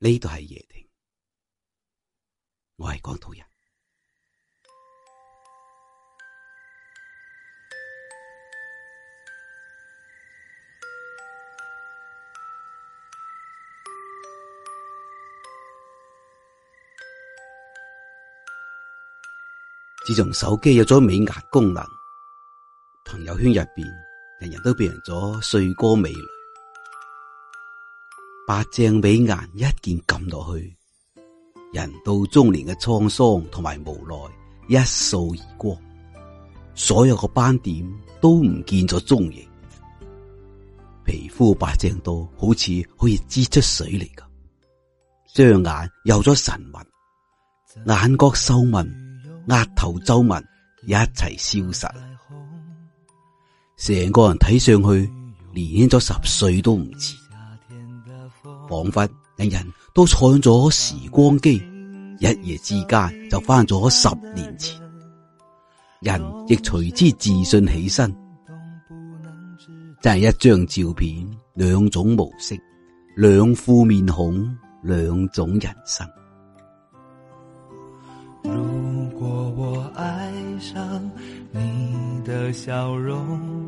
呢度係夜聽，我係廣東人。自從手機有咗美顏功能，朋友圈入邊人人都變成咗帥哥美女。白淨美顏一件撳落去，人到中年嘅滄桑同埋無奈一掃而光，所有嘅斑點都唔見咗蹤影，皮膚白淨到好似可以擠出水嚟噉，雙眼有咗神魂，眼角皺紋、額頭皺紋一齊消失，成個人睇上去連年輕咗十歲都唔止。仿彿人人都坐咗時光機，一夜之間就返咗十年前，人亦隨之自信起身。真係一張照片，兩種模式，兩副面孔，兩種人生。如果我愛上你的笑容。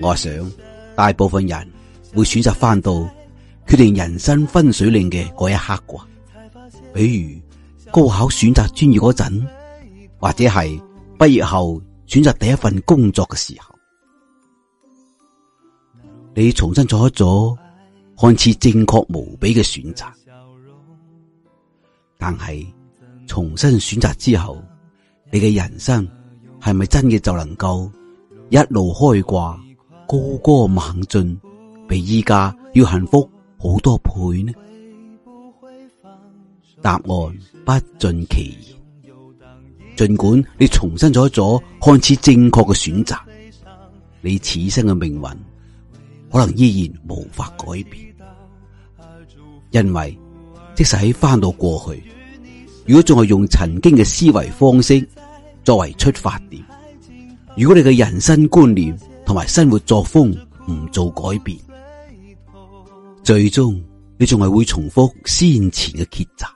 我想大部分人會選擇翻到決定人生分水嶺嘅嗰一刻啩，比如高考選擇專業嗰陣，或者係畢業後選擇第一份工作嘅時候，你重新做一做看似正確無比嘅選擇，但係重新選擇之後，你嘅人生係咪真嘅就能夠一路開掛？高歌猛進，比依家要幸福好多倍呢？答案不盡其然。儘管你重新咗一咗看似正確嘅選擇，你此生嘅命運可能依然無法改變。因為即使翻到過去，如果仲係用曾經嘅思維方式作為出發點，如果你嘅人生觀念，同埋生活作風唔做改變，最終你仲係會重複先前嘅抉擇。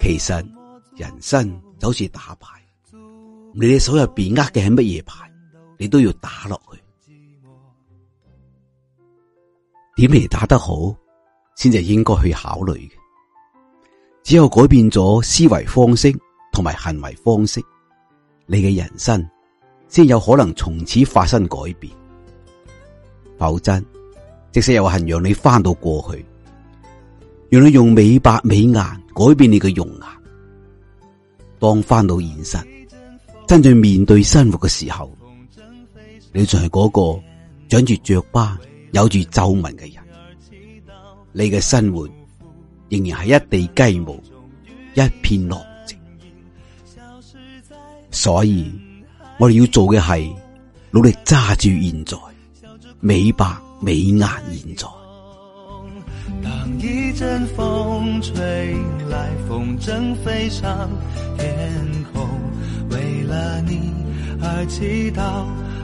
其實人生就好似打牌，你哋手入邊握嘅係乜嘢牌？你都要打落去，點嚟打得好，先至應該去考慮嘅。只有改變咗思維方式同埋行為方式，你嘅人生先有可能從此發生改變否。否則即使有幸讓你翻到過去，讓你用美白美顏改變你嘅容顏，當翻到現實，真正面對生活嘅時候。.你仲係嗰個長住雀斑、有住皺紋嘅人，你嘅生活仍然係一地雞毛、一片狼藉，所以我哋要做嘅係努力揸住現在，美白美顏現在。當一陣風吹來，風箏飛上天空，為了你而祈禱。